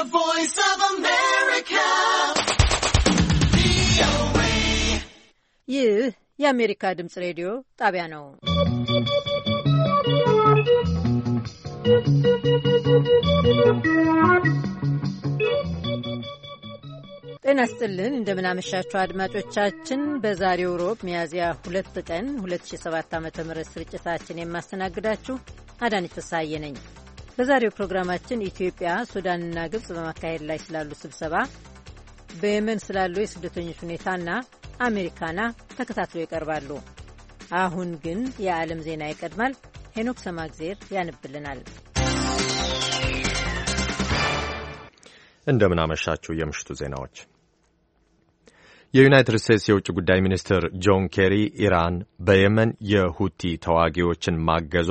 The Voice of America. ይህ የአሜሪካ ድምፅ ሬዲዮ ጣቢያ ነው። ጤና ስጥልን፣ እንደምናመሻችሁ አድማጮቻችን። በዛሬው ሮብ ሚያዝያ ሁለት ቀን 2007 ዓ ም ስርጭታችን የማስተናግዳችሁ አዳነች ተሳየ ነኝ። በዛሬው ፕሮግራማችን ኢትዮጵያ ሱዳንና ግብጽ በማካሄድ ላይ ስላሉ ስብሰባ፣ በየመን ስላለው የስደተኞች ሁኔታና አሜሪካና ተከታትሎ ይቀርባሉ። አሁን ግን የዓለም ዜና ይቀድማል። ሄኖክ ሰማግዜር ያነብልናል። እንደምናመሻችሁ የምሽቱ ዜናዎች የዩናይትድ ስቴትስ የውጭ ጉዳይ ሚኒስትር ጆን ኬሪ ኢራን በየመን የሁቲ ተዋጊዎችን ማገዟ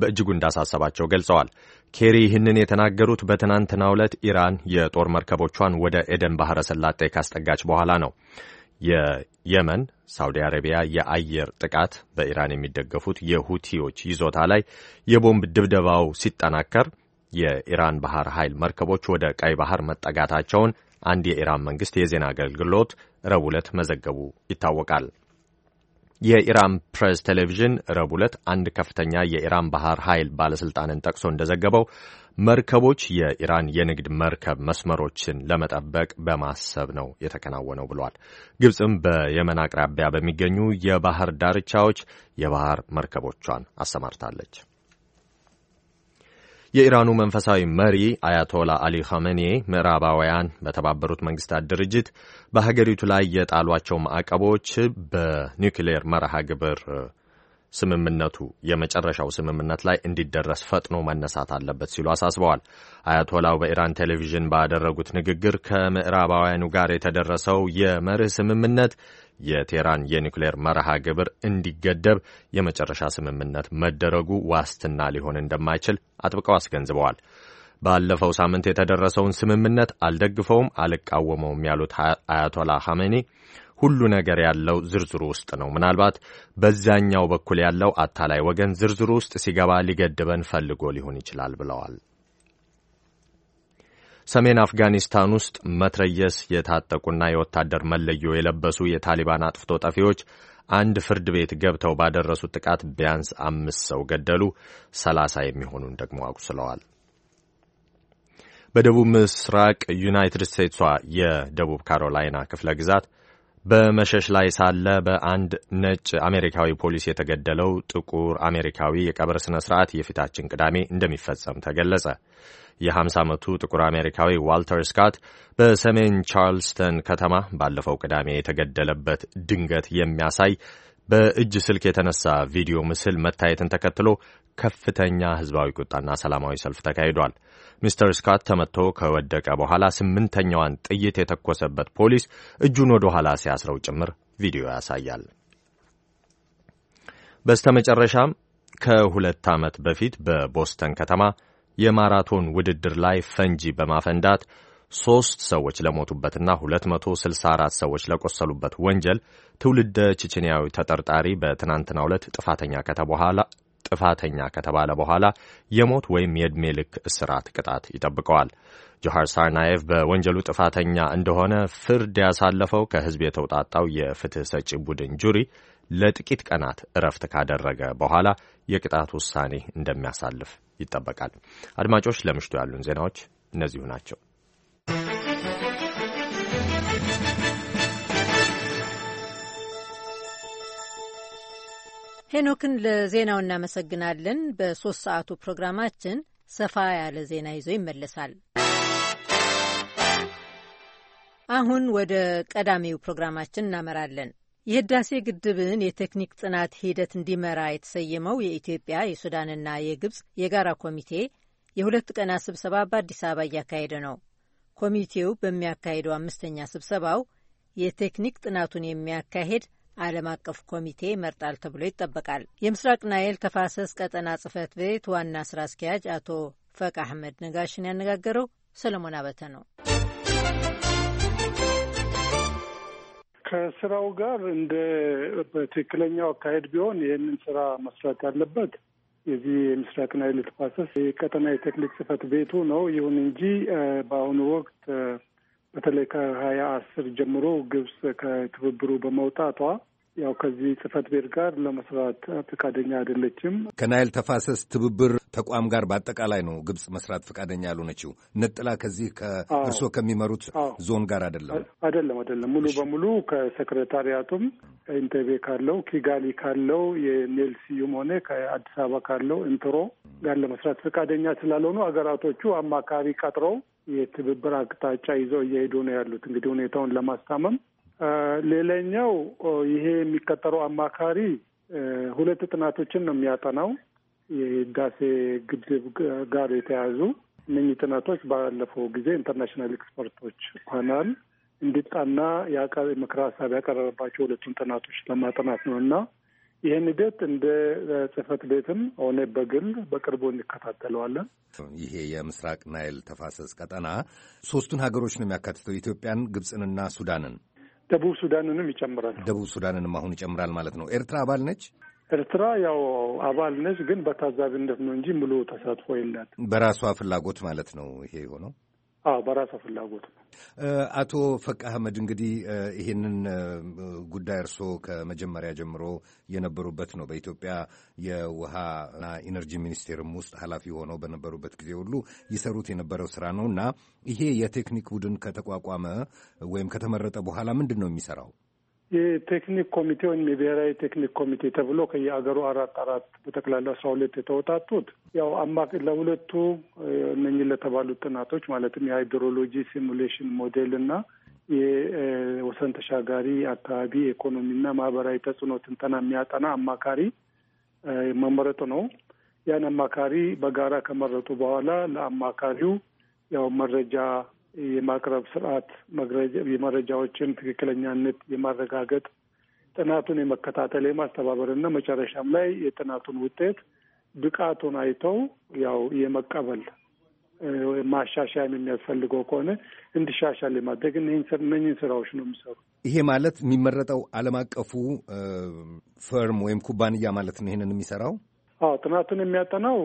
በእጅጉ እንዳሳሰባቸው ገልጸዋል። ኬሪ ይህንን የተናገሩት በትናንትናው ዕለት ኢራን የጦር መርከቦቿን ወደ ኤደን ባህረ ሰላጤ ካስጠጋች በኋላ ነው። የየመን ሳውዲ አረቢያ የአየር ጥቃት በኢራን የሚደገፉት የሁቲዎች ይዞታ ላይ የቦምብ ድብደባው ሲጠናከር የኢራን ባህር ኃይል መርከቦች ወደ ቀይ ባህር መጠጋታቸውን አንድ የኢራን መንግስት የዜና አገልግሎት ረቡዕ ዕለት መዘገቡ ይታወቃል። የኢራን ፕሬስ ቴሌቪዥን ረቡዕ ዕለት አንድ ከፍተኛ የኢራን ባህር ኃይል ባለሥልጣንን ጠቅሶ እንደዘገበው መርከቦች የኢራን የንግድ መርከብ መስመሮችን ለመጠበቅ በማሰብ ነው የተከናወነው ብሏል። ግብፅም በየመን አቅራቢያ በሚገኙ የባህር ዳርቻዎች የባህር መርከቦቿን አሰማርታለች። የኢራኑ መንፈሳዊ መሪ አያቶላ አሊ ኸመኔ ምዕራባውያን በተባበሩት መንግስታት ድርጅት በሀገሪቱ ላይ የጣሏቸው ማዕቀቦች በኒውክሌር መርሃ ግብር ስምምነቱ የመጨረሻው ስምምነት ላይ እንዲደረስ ፈጥኖ መነሳት አለበት ሲሉ አሳስበዋል። አያቶላው በኢራን ቴሌቪዥን ባደረጉት ንግግር ከምዕራባውያኑ ጋር የተደረሰው የመርህ ስምምነት የቴህራን የኒውክሌር መርሃ ግብር እንዲገደብ የመጨረሻ ስምምነት መደረጉ ዋስትና ሊሆን እንደማይችል አጥብቀው አስገንዝበዋል። ባለፈው ሳምንት የተደረሰውን ስምምነት አልደግፈውም፣ አልቃወመውም ያሉት አያቶላ ሐሜኒ ሁሉ ነገር ያለው ዝርዝሩ ውስጥ ነው። ምናልባት በዛኛው በኩል ያለው አታላይ ወገን ዝርዝሩ ውስጥ ሲገባ ሊገድበን ፈልጎ ሊሆን ይችላል ብለዋል። ሰሜን አፍጋኒስታን ውስጥ መትረየስ የታጠቁና የወታደር መለዮ የለበሱ የታሊባን አጥፍቶ ጠፊዎች አንድ ፍርድ ቤት ገብተው ባደረሱት ጥቃት ቢያንስ አምስት ሰው ገደሉ፣ ሰላሳ የሚሆኑን ደግሞ አቁስለዋል። በደቡብ ምስራቅ ዩናይትድ ስቴትሷ የደቡብ ካሮላይና ክፍለ ግዛት በመሸሽ ላይ ሳለ በአንድ ነጭ አሜሪካዊ ፖሊስ የተገደለው ጥቁር አሜሪካዊ የቀብር ሥነ ሥርዓት የፊታችን ቅዳሜ እንደሚፈጸም ተገለጸ። የ50 ዓመቱ ጥቁር አሜሪካዊ ዋልተር ስካት በሰሜን ቻርልስተን ከተማ ባለፈው ቅዳሜ የተገደለበት ድንገት የሚያሳይ በእጅ ስልክ የተነሳ ቪዲዮ ምስል መታየትን ተከትሎ ከፍተኛ ሕዝባዊ ቁጣና ሰላማዊ ሰልፍ ተካሂዷል። ሚስተር ስካት ተመትቶ ከወደቀ በኋላ ስምንተኛዋን ጥይት የተኮሰበት ፖሊስ እጁን ወደ ኋላ ሲያስረው ጭምር ቪዲዮ ያሳያል። መጨረሻም ከሁለት ዓመት በፊት በቦስተን ከተማ የማራቶን ውድድር ላይ ፈንጂ በማፈንዳት ሦስት ሰዎች ለሞቱበትና 264 ሰዎች ለቆሰሉበት ወንጀል ትውልደ ቼቼንያዊ ተጠርጣሪ በትናንትናው ዕለት ጥፋተኛ ጥፋተኛ ከተባለ በኋላ የሞት ወይም የዕድሜ ልክ እስራት ቅጣት ይጠብቀዋል። ጆሃር ሳርናየቭ በወንጀሉ ጥፋተኛ እንደሆነ ፍርድ ያሳለፈው ከሕዝብ የተውጣጣው የፍትሕ ሰጪ ቡድን ጁሪ ለጥቂት ቀናት እረፍት ካደረገ በኋላ የቅጣት ውሳኔ እንደሚያሳልፍ ይጠበቃል። አድማጮች፣ ለምሽቱ ያሉን ዜናዎች እነዚሁ ናቸው። ሄኖክን ለዜናው እናመሰግናለን። በሶስት ሰዓቱ ፕሮግራማችን ሰፋ ያለ ዜና ይዞ ይመለሳል። አሁን ወደ ቀዳሚው ፕሮግራማችን እናመራለን። የህዳሴ ግድብን የቴክኒክ ጥናት ሂደት እንዲመራ የተሰየመው የኢትዮጵያ የሱዳንና የግብፅ የጋራ ኮሚቴ የሁለት ቀናት ስብሰባ በአዲስ አበባ እያካሄደ ነው። ኮሚቴው በሚያካሄደው አምስተኛ ስብሰባው የቴክኒክ ጥናቱን የሚያካሄድ ዓለም አቀፍ ኮሚቴ ይመርጣል ተብሎ ይጠበቃል። የምስራቅ ናይል ተፋሰስ ቀጠና ጽህፈት ቤት ዋና ስራ አስኪያጅ አቶ ፈቅ አህመድ ነጋሽን ያነጋገረው ሰለሞን አበተ ነው። ከስራው ጋር እንደ በትክክለኛው አካሄድ ቢሆን ይህንን ስራ መስራት ያለበት የዚህ የምስራቅ ናይል ተፋሰስ የቀጠና የቴክኒክ ጽህፈት ቤቱ ነው። ይሁን እንጂ በአሁኑ ወቅት በተለይ ከሀያ አስር ጀምሮ ግብጽ ከትብብሩ በመውጣቷ ያው ከዚህ ጽህፈት ቤት ጋር ለመስራት ፈቃደኛ አይደለችም። ከናይል ተፋሰስ ትብብር ተቋም ጋር በአጠቃላይ ነው ግብጽ መስራት ፈቃደኛ ያልሆነችው፣ ነጥላ ከዚህ ከእርስዎ ከሚመሩት ዞን ጋር አይደለም አይደለም አይደለም ሙሉ በሙሉ ከሴክሬታሪያቱም ኢንቴቤ ካለው ኪጋሊ ካለው የኔልሲዩም ሆነ ከአዲስ አበባ ካለው ኢንትሮ ጋር ለመስራት ፈቃደኛ ስላልሆኑ ሀገራቶቹ አማካሪ ቀጥረው የትብብር አቅጣጫ ይዘው እየሄዱ ነው ያሉት። እንግዲህ ሁኔታውን ለማስታመም ሌላኛው ይሄ የሚቀጠረው አማካሪ ሁለት ጥናቶችን ነው የሚያጠናው የህዳሴ ግድብ ጋር የተያዙ እነኚህ ጥናቶች ባለፈው ጊዜ ኢንተርናሽናል ኤክስፐርቶች ሆናል እንዲጣና ምክረ ሀሳብ ያቀረበባቸው ሁለቱን ጥናቶች ለማጥናት ነው እና ይህን ሂደት እንደ ጽህፈት ቤትም ሆነ በግል በቅርቡ እንከታተለዋለን። ይሄ የምስራቅ ናይል ተፋሰስ ቀጠና ሶስቱን ሀገሮች ነው የሚያካትተው ኢትዮጵያን፣ ግብፅንና ሱዳንን ደቡብ ሱዳንንም ይጨምራል። ደቡብ ሱዳንንም አሁን ይጨምራል ማለት ነው። ኤርትራ አባል ነች። ኤርትራ ያው አባል ነች፣ ግን በታዛቢነት ነው እንጂ ሙሉ ተሳትፎ የላት። በራሷ ፍላጎት ማለት ነው ይሄ የሆነው አዎ ፍላጎት ነው። አቶ ፈቅ አህመድ እንግዲህ ይህንን ጉዳይ እርስዎ ከመጀመሪያ ጀምሮ የነበሩበት ነው። በኢትዮጵያ የውሃና ኢነርጂ ሚኒስቴርም ውስጥ ኃላፊ ሆነው በነበሩበት ጊዜ ሁሉ ይሰሩት የነበረው ስራ ነው እና ይሄ የቴክኒክ ቡድን ከተቋቋመ ወይም ከተመረጠ በኋላ ምንድን ነው የሚሰራው? የቴክኒክ ኮሚቴ ወይም የብሔራዊ ቴክኒክ ኮሚቴ ተብሎ ከየአገሩ አራት አራት በጠቅላላ አስራ ሁለት የተወጣጡት ያው አማ ለሁለቱ እነኝህ ለተባሉት ጥናቶች ማለትም የሃይድሮሎጂ ሲሙሌሽን ሞዴል እና የወሰን ተሻጋሪ አካባቢ ኢኮኖሚና ማህበራዊ ተጽዕኖ ትንተና የሚያጠና አማካሪ መመረጡ ነው። ያን አማካሪ በጋራ ከመረጡ በኋላ ለአማካሪው ያው መረጃ የማቅረብ ስርዓት፣ የመረጃዎችን ትክክለኛነት የማረጋገጥ ጥናቱን የመከታተል የማስተባበር ና መጨረሻም ላይ የጥናቱን ውጤት ብቃቱን አይተው ያው የመቀበል ማሻሻያም የሚያስፈልገው ከሆነ እንዲሻሻል የማድረግ እነኝህን ስራዎች ነው የሚሰሩ። ይሄ ማለት የሚመረጠው ዓለም አቀፉ ፈርም ወይም ኩባንያ ማለት ነው ይህንን የሚሰራው። አዎ ጥናቱን የሚያጠናው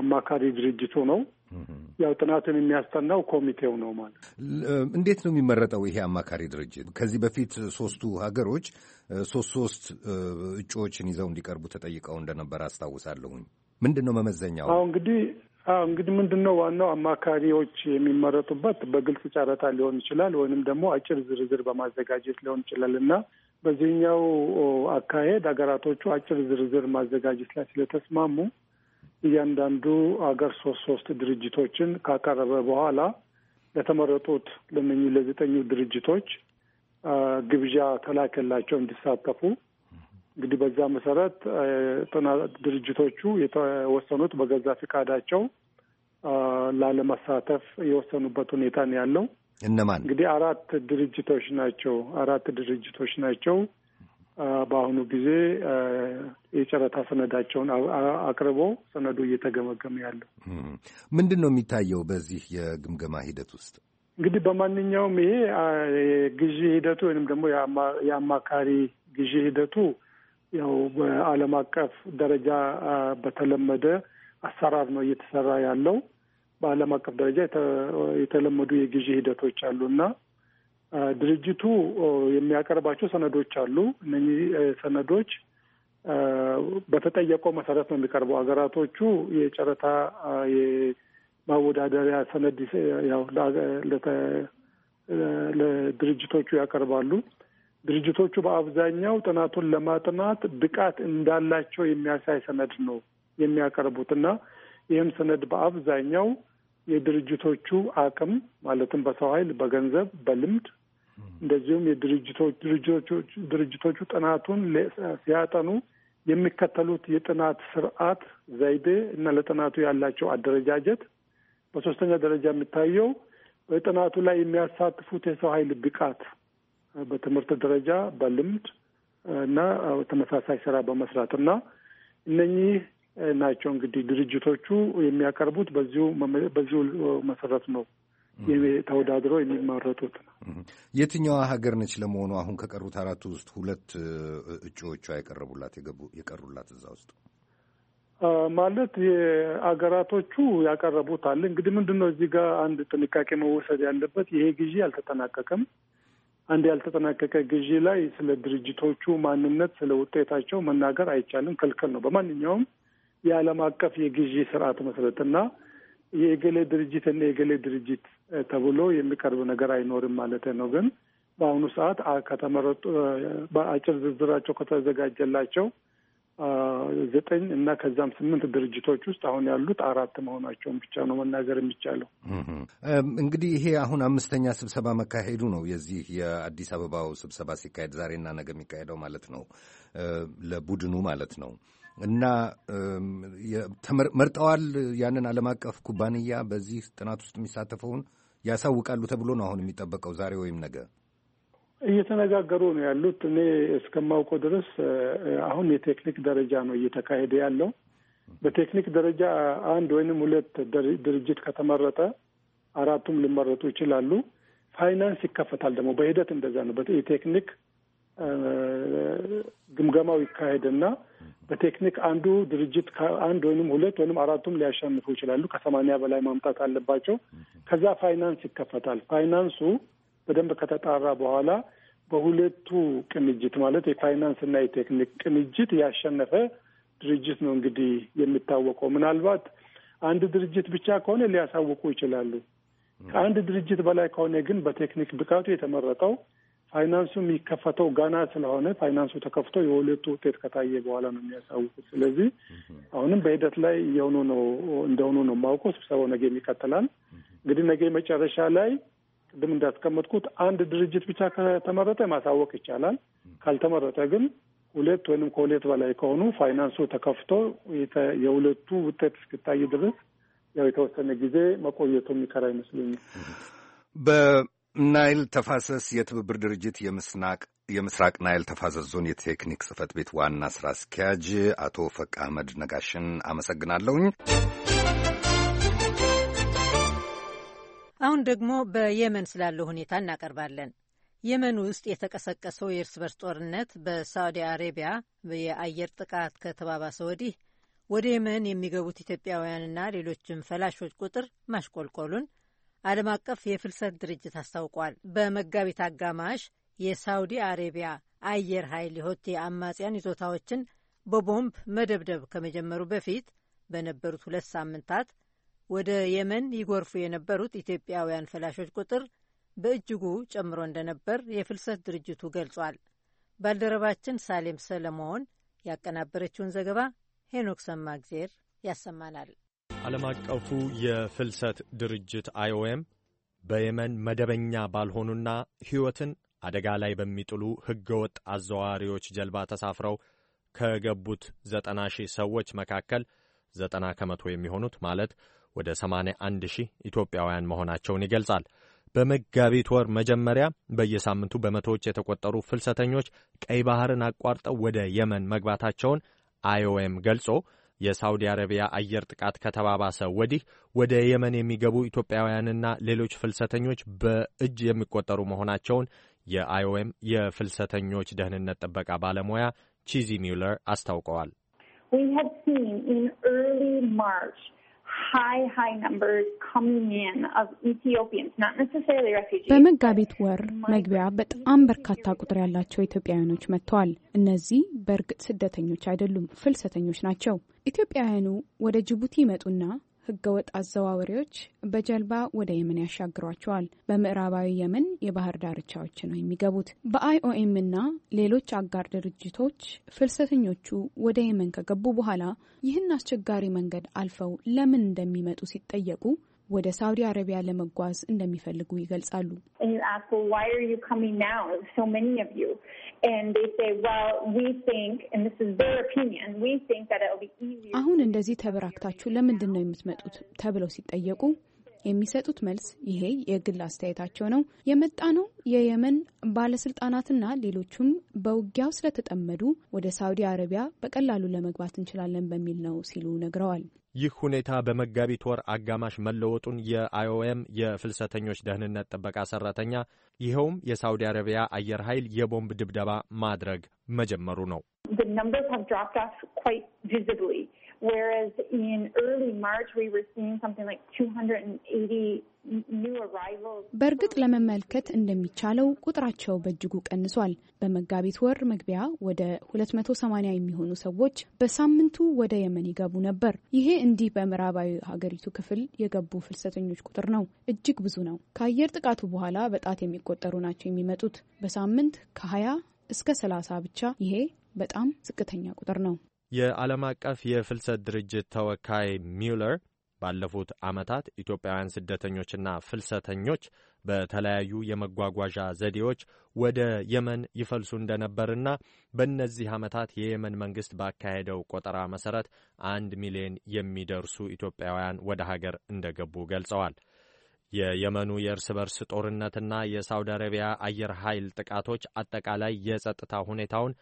አማካሪ ድርጅቱ ነው። ያው ጥናትን የሚያስጠናው ኮሚቴው ነው ማለት። እንዴት ነው የሚመረጠው ይሄ አማካሪ ድርጅት? ከዚህ በፊት ሶስቱ ሀገሮች ሶስት ሶስት እጩዎችን ይዘው እንዲቀርቡ ተጠይቀው እንደነበር አስታውሳለሁኝ። ምንድን ነው መመዘኛው? አሁ እንግዲህ አዎ እንግዲህ ምንድን ነው ዋናው አማካሪዎች የሚመረጡበት በግልጽ ጨረታ ሊሆን ይችላል፣ ወይንም ደግሞ አጭር ዝርዝር በማዘጋጀት ሊሆን ይችላል እና በዚህኛው አካሄድ ሀገራቶቹ አጭር ዝርዝር ማዘጋጀት ላይ ስለተስማሙ እያንዳንዱ አገር ሶስት ሶስት ድርጅቶችን ካቀረበ በኋላ ለተመረጡት ለእነኚህ ለዘጠኙ ድርጅቶች ግብዣ ተላከላቸው እንዲሳተፉ። እንግዲህ በዛ መሰረት ድርጅቶቹ የተወሰኑት በገዛ ፈቃዳቸው ላለመሳተፍ የወሰኑበት ሁኔታ ነው ያለው። እነማን እንግዲህ አራት ድርጅቶች ናቸው አራት ድርጅቶች ናቸው በአሁኑ ጊዜ የጨረታ ሰነዳቸውን አቅርበው ሰነዱ እየተገመገመ ያለው ምንድን ነው የሚታየው በዚህ የግምገማ ሂደት ውስጥ? እንግዲህ በማንኛውም ይሄ የግዢ ሂደቱ ወይንም ደግሞ የአማካሪ ግዢ ሂደቱ ያው በዓለም አቀፍ ደረጃ በተለመደ አሰራር ነው እየተሰራ ያለው። በዓለም አቀፍ ደረጃ የተለመዱ የግዢ ሂደቶች አሉ እና ድርጅቱ የሚያቀርባቸው ሰነዶች አሉ። እነዚህ ሰነዶች በተጠየቀው መሰረት ነው የሚቀርበው። ሀገራቶቹ የጨረታ የማወዳደሪያ ሰነድ ያው ለድርጅቶቹ ያቀርባሉ። ድርጅቶቹ በአብዛኛው ጥናቱን ለማጥናት ብቃት እንዳላቸው የሚያሳይ ሰነድ ነው የሚያቀርቡት እና ይህም ሰነድ በአብዛኛው የድርጅቶቹ አቅም ማለትም በሰው ኃይል፣ በገንዘብ፣ በልምድ እንደዚሁም የድርጅቶች ድርጅቶቹ ጥናቱን ሲያጠኑ የሚከተሉት የጥናት ስርዓት ዘይቤ እና ለጥናቱ ያላቸው አደረጃጀት፣ በሶስተኛ ደረጃ የሚታየው በጥናቱ ላይ የሚያሳትፉት የሰው ኃይል ብቃት በትምህርት ደረጃ በልምድ እና ተመሳሳይ ስራ በመስራት እና እነኚህ ናቸው እንግዲህ ድርጅቶቹ የሚያቀርቡት በዚሁ በዚሁ መሰረት ነው። ተወዳድረው የሚመረጡት ነው። የትኛዋ ሀገር ነች ለመሆኑ አሁን ከቀሩት አራቱ ውስጥ ሁለት እጩዎቿ የቀረቡላት የቀሩላት እዛ ውስጥ ማለት የአገራቶቹ ያቀረቡት አለ። እንግዲህ ምንድን ነው እዚህ ጋር አንድ ጥንቃቄ መወሰድ ያለበት ይሄ ግዢ አልተጠናቀቀም። አንድ ያልተጠናቀቀ ግዢ ላይ ስለ ድርጅቶቹ ማንነት፣ ስለ ውጤታቸው መናገር አይቻልም፣ ክልክል ነው በማንኛውም የዓለም አቀፍ የግዢ ስርዓት መሰረትና የእገሌ ድርጅት እና የእገሌ ድርጅት ተብሎ የሚቀርብ ነገር አይኖርም ማለት ነው። ግን በአሁኑ ሰዓት ከተመረጡ በአጭር ዝርዝራቸው ከተዘጋጀላቸው ዘጠኝ እና ከዛም ስምንት ድርጅቶች ውስጥ አሁን ያሉት አራት መሆናቸውን ብቻ ነው መናገር የሚቻለው። እንግዲህ ይሄ አሁን አምስተኛ ስብሰባ መካሄዱ ነው። የዚህ የአዲስ አበባው ስብሰባ ሲካሄድ ዛሬና ነገ የሚካሄደው ማለት ነው፣ ለቡድኑ ማለት ነው። እና መርጠዋል ያንን ዓለም አቀፍ ኩባንያ በዚህ ጥናት ውስጥ የሚሳተፈውን ያሳውቃሉ ተብሎ ነው አሁን የሚጠበቀው። ዛሬ ወይም ነገ እየተነጋገሩ ነው ያሉት። እኔ እስከማውቀው ድረስ አሁን የቴክኒክ ደረጃ ነው እየተካሄደ ያለው። በቴክኒክ ደረጃ አንድ ወይንም ሁለት ድርጅት ከተመረጠ አራቱም ሊመረጡ ይችላሉ። ፋይናንስ ይከፈታል። ደግሞ በሂደት እንደዛ ነው። የቴክኒክ ግምገማው ይካሄድና በቴክኒክ አንዱ ድርጅት ከአንድ ወይንም ሁለት ወይንም አራቱም ሊያሸንፉ ይችላሉ። ከሰማንያ በላይ ማምጣት አለባቸው። ከዛ ፋይናንስ ይከፈታል። ፋይናንሱ በደንብ ከተጣራ በኋላ በሁለቱ ቅንጅት ማለት የፋይናንስ እና የቴክኒክ ቅንጅት ያሸነፈ ድርጅት ነው እንግዲህ የሚታወቀው። ምናልባት አንድ ድርጅት ብቻ ከሆነ ሊያሳውቁ ይችላሉ። ከአንድ ድርጅት በላይ ከሆነ ግን በቴክኒክ ብቃቱ የተመረጠው ፋይናንሱ የሚከፈተው ገና ስለሆነ ፋይናንሱ ተከፍቶ የሁለቱ ውጤት ከታየ በኋላ ነው የሚያሳውቁት። ስለዚህ አሁንም በሂደት ላይ እየሆኑ ነው እንደሆኑ ነው የማውቀው። ስብሰባው ነገም ይቀጥላል። እንግዲህ ነገ መጨረሻ ላይ ቅድም እንዳስቀመጥኩት አንድ ድርጅት ብቻ ከተመረጠ ማሳወቅ ይቻላል። ካልተመረጠ ግን ሁለት ወይም ከሁለት በላይ ከሆኑ ፋይናንሱ ተከፍቶ የሁለቱ ውጤት እስክታይ ድረስ ያው የተወሰነ ጊዜ መቆየቱ የሚከራ ይመስለኛል። ናይል ተፋሰስ የትብብር ድርጅት የምስራቅ ናይል ተፋሰስ ዞን የቴክኒክ ጽህፈት ቤት ዋና ስራ አስኪያጅ አቶ ፈቅ አህመድ ነጋሽን አመሰግናለሁኝ። አሁን ደግሞ በየመን ስላለው ሁኔታ እናቀርባለን። የመን ውስጥ የተቀሰቀሰው የእርስ በርስ ጦርነት በሳዑዲ አሬቢያ የአየር ጥቃት ከተባባሰ ወዲህ ወደ የመን የሚገቡት ኢትዮጵያውያንና ሌሎችም ፈላሾች ቁጥር ማሽቆልቆሉን ዓለም አቀፍ የፍልሰት ድርጅት አስታውቋል። በመጋቢት አጋማሽ የሳውዲ አሬቢያ አየር ኃይል የሆቴ አማጽያን ይዞታዎችን በቦምብ መደብደብ ከመጀመሩ በፊት በነበሩት ሁለት ሳምንታት ወደ የመን ይጎርፉ የነበሩት ኢትዮጵያውያን ፈላሾች ቁጥር በእጅጉ ጨምሮ እንደነበር የፍልሰት ድርጅቱ ገልጿል። ባልደረባችን ሳሌም ሰለሞን ያቀናበረችውን ዘገባ ሄኖክ ሰማግዜር ያሰማናል። ዓለም አቀፉ የፍልሰት ድርጅት አይኦኤም በየመን መደበኛ ባልሆኑና ሕይወትን አደጋ ላይ በሚጥሉ ሕገወጥ አዘዋዋሪዎች ጀልባ ተሳፍረው ከገቡት ዘጠና ሺህ ሰዎች መካከል ዘጠና ከመቶ የሚሆኑት ማለት ወደ ሰማንያ አንድ ሺህ ኢትዮጵያውያን መሆናቸውን ይገልጻል። በመጋቢት ወር መጀመሪያ በየሳምንቱ በመቶዎች የተቆጠሩ ፍልሰተኞች ቀይ ባህርን አቋርጠው ወደ የመን መግባታቸውን አይኦኤም ገልጾ የሳውዲ አረቢያ አየር ጥቃት ከተባባሰ ወዲህ ወደ የመን የሚገቡ ኢትዮጵያውያንና ሌሎች ፍልሰተኞች በእጅ የሚቆጠሩ መሆናቸውን የአይኦኤም የፍልሰተኞች ደህንነት ጥበቃ ባለሙያ ቺዚ ሚውለር አስታውቀዋል። We had seen in early March high, high numbers coming in of Ethiopians, not necessarily refugees. በመጋቢት ወር መግቢያ በጣም በርካታ ቁጥር ያላቸው ኢትዮጵያውያኖች መጥተዋል። እነዚህ በእርግጥ ስደተኞች አይደሉም፣ ፍልሰተኞች ናቸው። ኢትዮጵያውያኑ ወደ ጅቡቲ ይመጡና ህገወጥ አዘዋዋሪዎች በጀልባ ወደ የመን ያሻግሯቸዋል። በምዕራባዊ የመን የባህር ዳርቻዎች ነው የሚገቡት። በአይኦኤም እና ሌሎች አጋር ድርጅቶች ፍልሰተኞቹ ወደ የመን ከገቡ በኋላ ይህን አስቸጋሪ መንገድ አልፈው ለምን እንደሚመጡ ሲጠየቁ ወደ ሳውዲ አረቢያ ለመጓዝ እንደሚፈልጉ ይገልጻሉ። አሁን እንደዚህ ተበራክታችሁ ለምንድን ነው የምትመጡት ተብለው ሲጠየቁ የሚሰጡት መልስ ይሄ የግል አስተያየታቸው ነው የመጣ ነው የየመን ባለስልጣናትና ሌሎቹም በውጊያው ስለተጠመዱ ወደ ሳውዲ አረቢያ በቀላሉ ለመግባት እንችላለን በሚል ነው ሲሉ ነግረዋል። ይህ ሁኔታ በመጋቢት ወር አጋማሽ መለወጡን የአይኦኤም የፍልሰተኞች ደህንነት ጥበቃ ሰራተኛ ይኸውም የሳውዲ አረቢያ አየር ኃይል የቦምብ ድብደባ ማድረግ መጀመሩ ነው። whereas in early March we were seeing something like 280 በእርግጥ ለመመልከት እንደሚቻለው ቁጥራቸው በእጅጉ ቀንሷል። በመጋቢት ወር መግቢያ ወደ 280 የሚሆኑ ሰዎች በሳምንቱ ወደ የመን ይገቡ ነበር። ይሄ እንዲህ በምዕራባዊ ሀገሪቱ ክፍል የገቡ ፍልሰተኞች ቁጥር ነው። እጅግ ብዙ ነው። ከአየር ጥቃቱ በኋላ በጣት የሚቆጠሩ ናቸው የሚመጡት በሳምንት ከ20 እስከ 30 ብቻ። ይሄ በጣም ዝቅተኛ ቁጥር ነው። የዓለም አቀፍ የፍልሰት ድርጅት ተወካይ ሚውለር ባለፉት ዓመታት ኢትዮጵያውያን ስደተኞችና ፍልሰተኞች በተለያዩ የመጓጓዣ ዘዴዎች ወደ የመን ይፈልሱ እንደነበርና በእነዚህ ዓመታት የየመን መንግሥት ባካሄደው ቆጠራ መሠረት አንድ ሚሊዮን የሚደርሱ ኢትዮጵያውያን ወደ ሀገር እንደገቡ ገልጸዋል። የየመኑ የእርስ በርስ ጦርነትና የሳውዲ አረቢያ አየር ኃይል ጥቃቶች አጠቃላይ የጸጥታ ሁኔታውን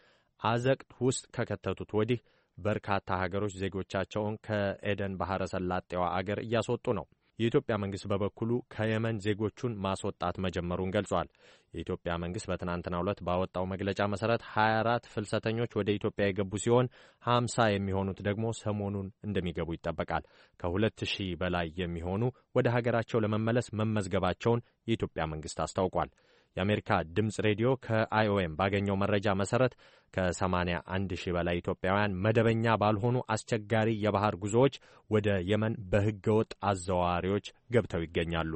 አዘቅት ውስጥ ከከተቱት ወዲህ በርካታ ሀገሮች ዜጎቻቸውን ከኤደን ባህረ ሰላጤዋ አገር እያስወጡ ነው። የኢትዮጵያ መንግስት በበኩሉ ከየመን ዜጎቹን ማስወጣት መጀመሩን ገልጿል። የኢትዮጵያ መንግስት በትናንትናው ዕለት ባወጣው መግለጫ መሰረት 24 ፍልሰተኞች ወደ ኢትዮጵያ የገቡ ሲሆን 50 የሚሆኑት ደግሞ ሰሞኑን እንደሚገቡ ይጠበቃል። ከ ከ2000 በላይ የሚሆኑ ወደ ሀገራቸው ለመመለስ መመዝገባቸውን የኢትዮጵያ መንግስት አስታውቋል። የአሜሪካ ድምፅ ሬዲዮ ከአይኦኤም ባገኘው መረጃ መሰረት ከ81 ሺህ በላይ ኢትዮጵያውያን መደበኛ ባልሆኑ አስቸጋሪ የባህር ጉዞዎች ወደ የመን በሕገወጥ አዘዋዋሪዎች ገብተው ይገኛሉ።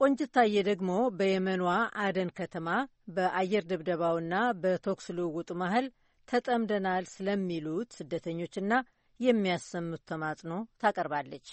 ቆንጅታዬ ደግሞ በየመኗ አደን ከተማ በአየር ድብደባውና በተኩስ ልውውጡ መሀል ተጠምደናል ስለሚሉት ስደተኞችና የሚያሰሙት ተማጽኖ ታቀርባለች።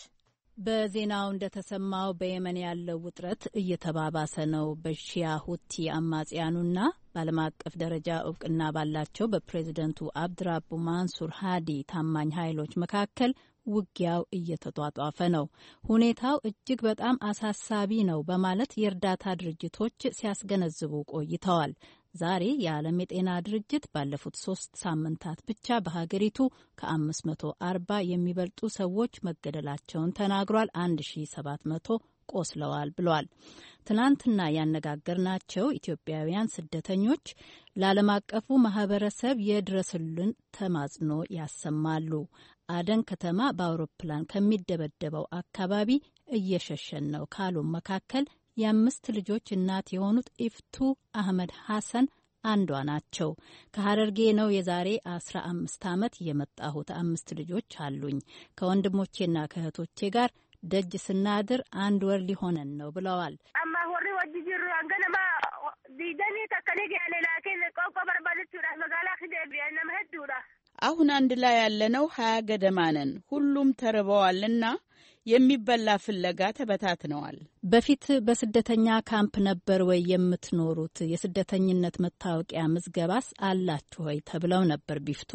በዜናው እንደተሰማው በየመን ያለው ውጥረት እየተባባሰ ነው። በሺያ ሁቲ አማጽያኑና በዓለም አቀፍ ደረጃ እውቅና ባላቸው በፕሬዝደንቱ አብድራቡ ማንሱር ሃዲ ታማኝ ኃይሎች መካከል ውጊያው እየተጧጧፈ ነው። ሁኔታው እጅግ በጣም አሳሳቢ ነው በማለት የእርዳታ ድርጅቶች ሲያስገነዝቡ ቆይተዋል። ዛሬ የዓለም የጤና ድርጅት ባለፉት ሶስት ሳምንታት ብቻ በሀገሪቱ ከ540 የሚበልጡ ሰዎች መገደላቸውን ተናግሯል። 1700 ቆስለዋል ብሏል። ትናንትና ያነጋገርናቸው ኢትዮጵያውያን ስደተኞች ለዓለም አቀፉ ማህበረሰብ የድረስልን ተማጽኖ ያሰማሉ። አደን ከተማ በአውሮፕላን ከሚደበደበው አካባቢ እየሸሸን ነው ካሉ መካከል የአምስት ልጆች እናት የሆኑት ኢፍቱ አህመድ ሐሰን አንዷ ናቸው። ከሀረርጌ ነው የዛሬ አስራ አምስት ዓመት የመጣሁት። አምስት ልጆች አሉኝ። ከወንድሞቼና ከእህቶቼ ጋር ደጅ ስናድር አንድ ወር ሊሆነን ነው ብለዋል። አሁን አንድ ላይ ያለነው ሀያ ገደማ ነን። ሁሉም ተርበዋልና የሚበላ ፍለጋ ተበታትነዋል። በፊት በስደተኛ ካምፕ ነበር ወይ የምትኖሩት? የስደተኝነት መታወቂያ ምዝገባስ አላችሁ ወይ ተብለው ነበር ቢፍቱ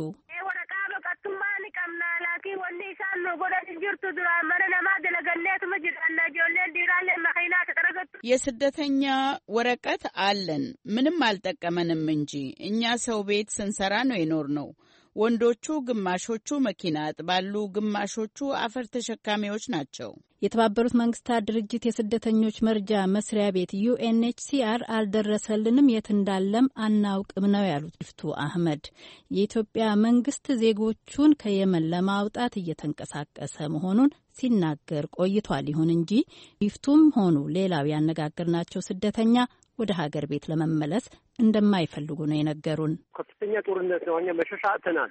የስደተኛ ወረቀት አለን። ምንም አልጠቀመንም እንጂ እኛ ሰው ቤት ስንሰራ ነው የኖር ነው። ወንዶቹ ግማሾቹ መኪና ያጥባሉ፣ ግማሾቹ አፈር ተሸካሚዎች ናቸው። የተባበሩት መንግስታት ድርጅት የስደተኞች መርጃ መስሪያ ቤት ዩኤንኤችሲአር አልደረሰልንም፣ የት እንዳለም አናውቅም ነው ያሉት ድፍቱ አህመድ። የኢትዮጵያ መንግስት ዜጎቹን ከየመን ለማውጣት እየተንቀሳቀሰ መሆኑን ሲናገር ቆይቷል። ይሁን እንጂ ይፍቱም ሆኑ ሌላው ያነጋገርናቸው ስደተኛ ወደ ሀገር ቤት ለመመለስ እንደማይፈልጉ ነው የነገሩን። ከፍተኛ ጦርነት ነው። እኛ መሸሻ አጥተናል።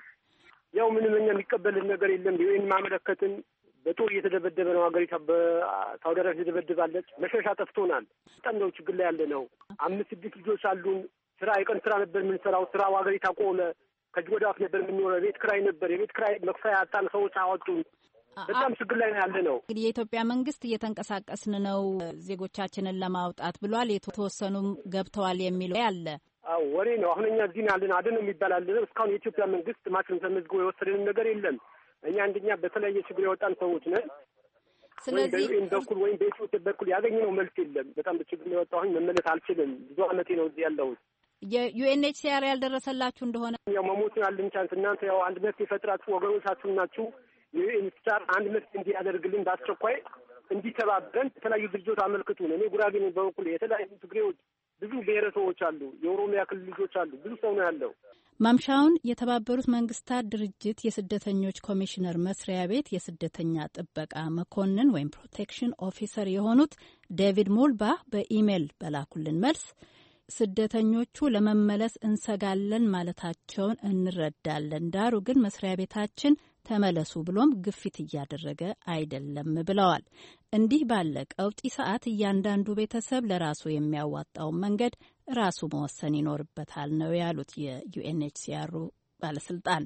ያው ምንም እኛ የሚቀበልን ነገር የለም። ቢሆን ማመለከትን በጦር እየተደበደበ ነው ሀገሪቷ። በታወደራ ተደበድባለች መሸሻ ጠፍቶናል። በጣም ነው ችግር ላይ ያለ ነው። አምስት ስድስት ልጆች አሉን። ስራ የቀን ስራ ነበር የምንሰራው። ስራው ሀገሪቷ ቆመ። ከእጅ ወደ አፍ ነበር የምንኖረው። ቤት ክራይ ነበር። የቤት ክራይ መክፈያ አጣን። ሰዎች አወጡን። በጣም ችግር ላይ ነው ያለ ነው። እንግዲህ የኢትዮጵያ መንግስት እየተንቀሳቀስን ነው ዜጎቻችንን ለማውጣት ብሏል። የተወሰኑም ገብተዋል የሚለው አለ። አዎ ወሬ ነው። አሁን እኛ እዚህ አለን አድን የሚባል አለ። እስካሁን የኢትዮጵያ መንግስት ማክን ተመዝግቦ የወሰደንም ነገር የለም። እኛ አንደኛ በተለያየ ችግር የወጣን ሰዎች ነን። ስለዚህ በኩል ወይም በኢትዮጵያ በኩል ያገኘነው መልስ የለም። በጣም በችግር የወጣሁኝ መመለስ አልችልም። ብዙ አመቴ ነው እዚህ ያለሁት። የዩኤንኤችሲአር ያልደረሰላችሁ እንደሆነ ያው መሞትን ያለን ቻንስ እናንተ ያው አንድነት የፈጥራችሁ ወገኖቻችሁ ናችሁ ይህ ኢንስታር አንድ ምርት እንዲያደርግልን በአስቸኳይ እንዲተባበን የተለያዩ ድርጅቶች አመልክቱ ነው። እኔ ጉራጌ ነኝ በበኩል የተለያዩ ትግሬዎች፣ ብዙ ብሔረሰቦች አሉ፣ የኦሮሚያ ክልል ልጆች አሉ፣ ብዙ ሰው ነው ያለው። ማምሻውን የተባበሩት መንግስታት ድርጅት የስደተኞች ኮሚሽነር መስሪያ ቤት የስደተኛ ጥበቃ መኮንን ወይም ፕሮቴክሽን ኦፊሰር የሆኑት ዴቪድ ሞልባ በኢሜይል በላኩልን መልስ ስደተኞቹ ለመመለስ እንሰጋለን ማለታቸውን እንረዳለን። ዳሩ ግን መስሪያ ቤታችን ተመለሱ ብሎም ግፊት እያደረገ አይደለም ብለዋል። እንዲህ ባለ ቀውጢ ሰዓት እያንዳንዱ ቤተሰብ ለራሱ የሚያዋጣውን መንገድ ራሱ መወሰን ይኖርበታል ነው ያሉት የዩኤንኤችሲአሩ ባለስልጣን።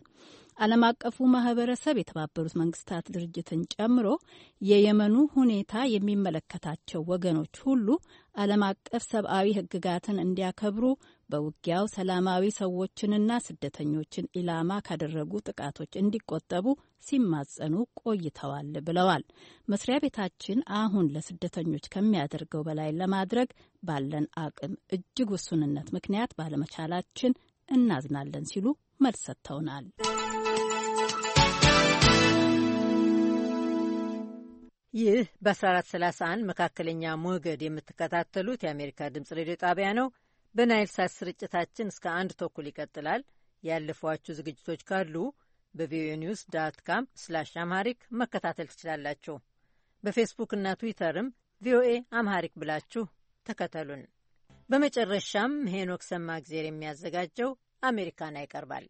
ዓለም አቀፉ ማህበረሰብ የተባበሩት መንግስታት ድርጅትን ጨምሮ የየመኑ ሁኔታ የሚመለከታቸው ወገኖች ሁሉ ዓለም አቀፍ ሰብአዊ ህግጋትን እንዲያከብሩ በውጊያው ሰላማዊ ሰዎችንና ስደተኞችን ኢላማ ካደረጉ ጥቃቶች እንዲቆጠቡ ሲማጸኑ ቆይተዋል ብለዋል። መስሪያ ቤታችን አሁን ለስደተኞች ከሚያደርገው በላይ ለማድረግ ባለን አቅም እጅግ ውሱንነት ምክንያት ባለመቻላችን እናዝናለን ሲሉ መልስ ሰጥተውናል። ይህ በ1431 መካከለኛ ሞገድ የምትከታተሉት የአሜሪካ ድምፅ ሬዲዮ ጣቢያ ነው። በናይል ሳት ስርጭታችን እስከ አንድ ተኩል ይቀጥላል። ያለፏችሁ ዝግጅቶች ካሉ በቪኦኤ ኒውስ ዳት ካም ስላሽ አምሃሪክ መከታተል ትችላላችሁ። በፌስቡክ እና ትዊተርም ቪኦኤ አምሃሪክ ብላችሁ ተከተሉን። በመጨረሻም ሄኖክ ሰማ ሰማእግዜር የሚያዘጋጀው አሜሪካና ይቀርባል።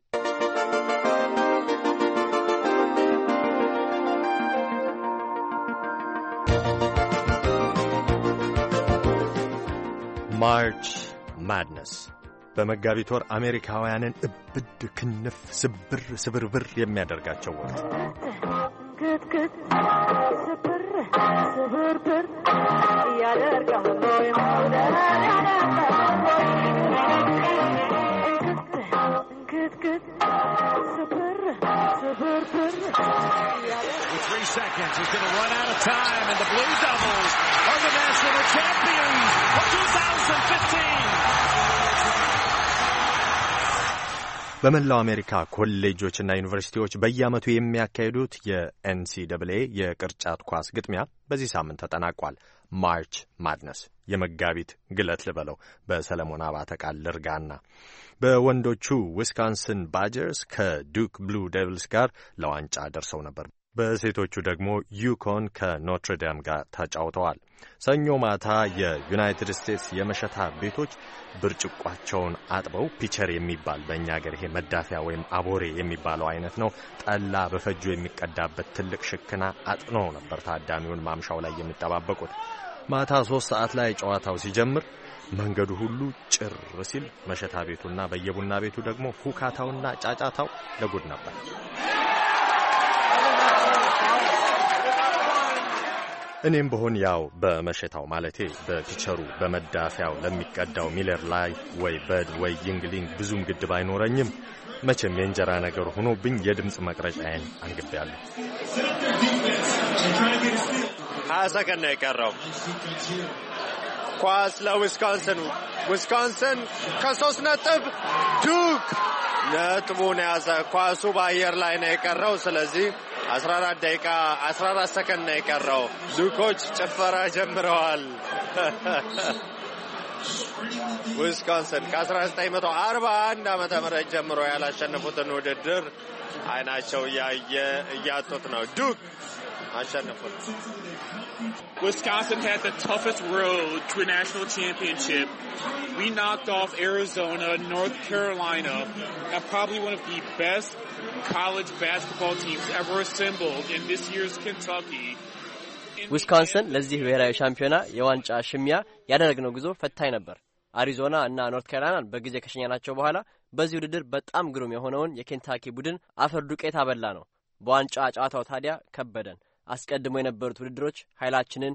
ማርች ማድነስ በመጋቢት ወር አሜሪካውያንን እብድ ክንፍ ስብር ስብርብር የሚያደርጋቸው ወቅት seconds He's going to run out of time, and the Blue Devils are the national champions of 2015። በመላው አሜሪካ ኮሌጆችና ዩኒቨርሲቲዎች በየዓመቱ የሚያካሂዱት የኤንሲደብልኤ የቅርጫት ኳስ ግጥሚያ በዚህ ሳምንት ተጠናቋል። ማርች ማድነስ የመጋቢት ግለት ልበለው በሰለሞን አባተ ቃል ልርጋና በወንዶቹ ዊስካንስን ባጀርስ ከዱክ ብሉ ዴቪልስ ጋር ለዋንጫ ደርሰው ነበር። በሴቶቹ ደግሞ ዩኮን ከኖትርዳም ጋር ተጫውተዋል። ሰኞ ማታ የዩናይትድ ስቴትስ የመሸታ ቤቶች ብርጭቋቸውን አጥበው ፒቸር የሚባል በእኛ አገር ይሄ መዳፊያ ወይም አቦሬ የሚባለው አይነት ነው፣ ጠላ በፈጁ የሚቀዳበት ትልቅ ሽክና አጥኖ ነበር ታዳሚውን ማምሻው ላይ የሚጠባበቁት። ማታ ሶስት ሰዓት ላይ ጨዋታው ሲጀምር መንገዱ ሁሉ ጭር ሲል መሸታ ቤቱና በየቡና ቤቱ ደግሞ ሁካታውና ጫጫታው ለጉድ ነበር። እኔም በሆን ያው በመሸታው ማለቴ በፒቸሩ በመዳፊያው ለሚቀዳው ሚለር ላይ ወይ በድ ወይ ይንግሊንግ ብዙም ግድብ አይኖረኝም። መቼም የእንጀራ ነገር ሆኖብኝ የድምፅ መቅረጫዬን አንግቤያለሁ። ሀያ ሰከንድ ነው የቀረው። ኳስ ለዊስኮንሰን። ዊስኮንሰን ከሶስት ነጥብ ዱክ ነጥቡን ያዘ። ኳሱ በአየር ላይ ነው የቀረው። ስለዚህ 14 ደቂቃ 14 ሰከንድ ነው የቀረው። ሉኮች ጭፈራ ጀምረዋል። ዊስኮንሰን ከ1941 ዓመተ ምህረት ጀምሮ ያላሸነፉትን ውድድር አይናቸው እያየ እያጡት ነው። ዱክ አሸነፉት። Wisconsin had the toughest road to a national championship. We knocked off Arizona, North Carolina, and probably one of the best college basketball teams ever assembled in this year's Kentucky. ዊስኮንሰን ለዚህ ብሔራዊ ሻምፒዮና የዋንጫ ሽሚያ ያደረግነው ጉዞ ፈታኝ ነበር። አሪዞና እና ኖርት ካሮላይናን በጊዜ ከሸኘናቸው በኋላ በዚህ ውድድር በጣም ግሩም የሆነውን የኬንታኪ ቡድን አፈር ዱቄት አበላ ነው። በዋንጫ ጨዋታው ታዲያ ከበደን። አስቀድሞ የነበሩት ውድድሮች ኃይላችንን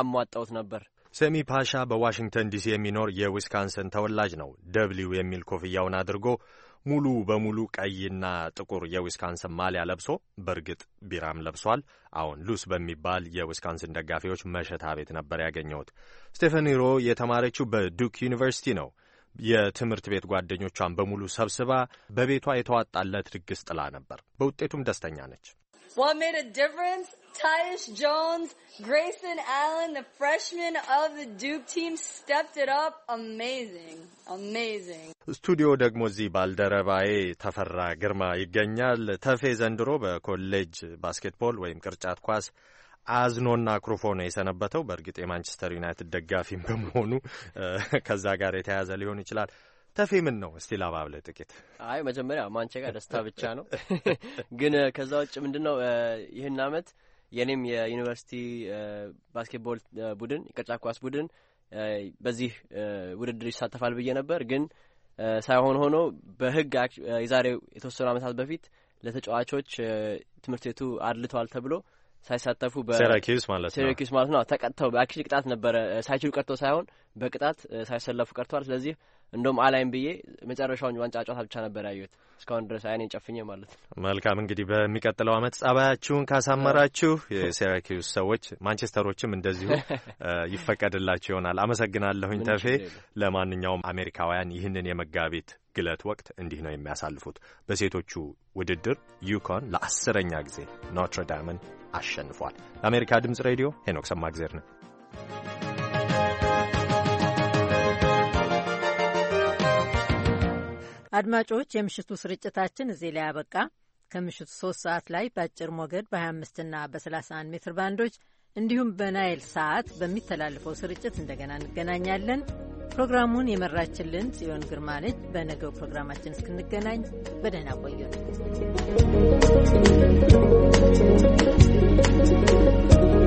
አሟጠውት ነበር። ሰሚ ፓሻ በዋሽንግተን ዲሲ የሚኖር የዊስካንሰን ተወላጅ ነው። ደብሊው የሚል ኮፍያውን አድርጎ ሙሉ በሙሉ ቀይና ጥቁር የዊስካንሰን ማሊያ ለብሶ በእርግጥ ቢራም ለብሷል። አሁን ሉስ በሚባል የዊስካንሰን ደጋፊዎች መሸታ ቤት ነበር ያገኘሁት። ስቴፈኒ ሮ የተማረችው በዱክ ዩኒቨርሲቲ ነው። የትምህርት ቤት ጓደኞቿን በሙሉ ሰብስባ በቤቷ የተዋጣለት ድግስ ጥላ ነበር። በውጤቱም ደስተኛ ነች። What made a difference? Tyus Jones, Grayson Allen, the freshman of the Duke team stepped it up. Amazing. Amazing. ስቱዲዮ ደግሞ እዚህ ባልደረባዬ ተፈራ ግርማ ይገኛል። ተፌ ዘንድሮ በኮሌጅ ባስኬትቦል ወይም ቅርጫት ኳስ አዝኖና አኩርፎ ነው የሰነበተው። በእርግጥ የማንቸስተር ዩናይትድ ደጋፊም በመሆኑ ከዛ ጋር የተያያዘ ሊሆን ይችላል። ተፌ ምን ነው እስቲ ላባብለ ጥቂት። አይ መጀመሪያ ማንቸ ጋር ደስታ ብቻ ነው፣ ግን ከዛ ውጭ ምንድን ነው ይህን አመት የእኔም የዩኒቨርሲቲ ባስኬትቦል ቡድን የቅርጫት ኳስ ቡድን በዚህ ውድድር ይሳተፋል ብዬ ነበር፣ ግን ሳይሆን ሆኖ በህግ የዛሬው የተወሰኑ አመታት በፊት ለተጫዋቾች ትምህርት ቤቱ አድልተዋል ተብሎ ሳይሳተፉ በሴራኪዩስ ማለት ነው ሴራኪዩስ ማለት ነው ተቀጥተው በአክቹዋሊ ቅጣት ነበረ ሳይችሉ ቀርተው ሳይሆን በቅጣት ሳይሰለፉ ቀርተዋል። ስለዚህ እንደም አላይም ብዬ መጨረሻውን ዋንጫ ጨዋታ ብቻ ነበር ያዩት እስካሁን ድረስ አይኔ ጨፍኜ ማለት ነው። መልካም እንግዲህ በሚቀጥለው ዓመት ጸባያችሁን ካሳመራችሁ የሴራኪዩስ ሰዎች ማንቸስተሮችም እንደዚሁ ይፈቀድላችሁ ይሆናል። አመሰግናለሁኝ ተፌ። ለማንኛውም አሜሪካውያን ይህንን የመጋቢት ግለት ወቅት እንዲህ ነው የሚያሳልፉት። በሴቶቹ ውድድር ዩኮን ለአስረኛ ጊዜ ኖትረዳምን አሸንፏል። ለአሜሪካ ድምፅ ሬዲዮ ሄኖክ ሰማግዜር ነው። አድማጮች፣ የምሽቱ ስርጭታችን እዚህ ላይ አበቃ ከምሽቱ ሶስት ሰዓት ላይ በአጭር ሞገድ በ25 እና በ31 ሜትር ባንዶች እንዲሁም በናይል ሰዓት በሚተላለፈው ስርጭት እንደገና እንገናኛለን። ፕሮግራሙን የመራችልን ጽዮን ግርማ ነች። በነገው ፕሮግራማችን እስክንገናኝ በደህና ቆዩ።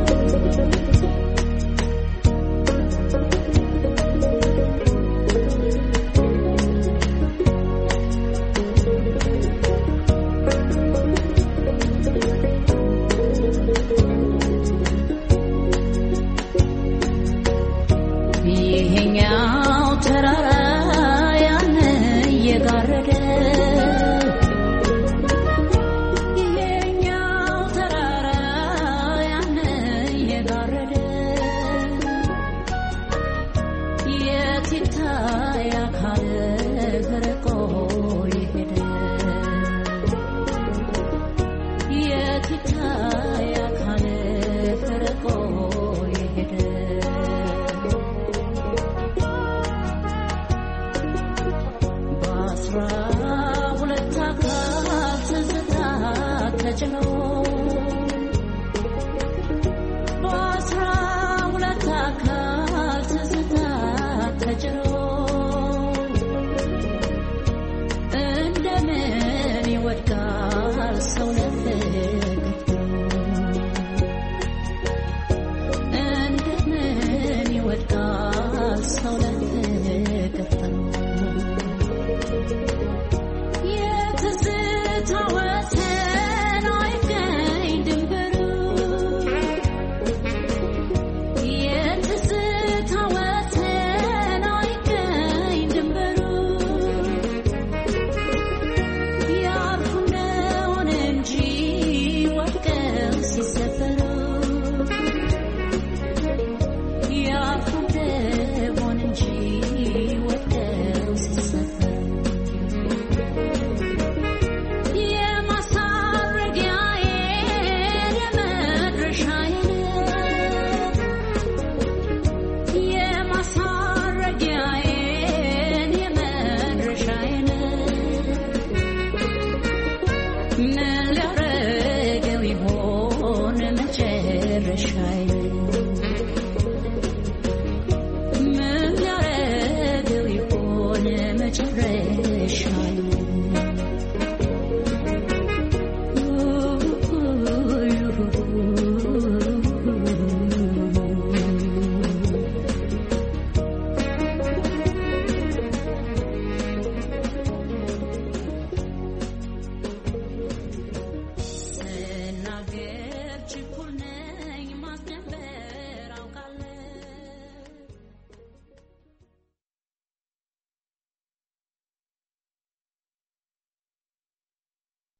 Thank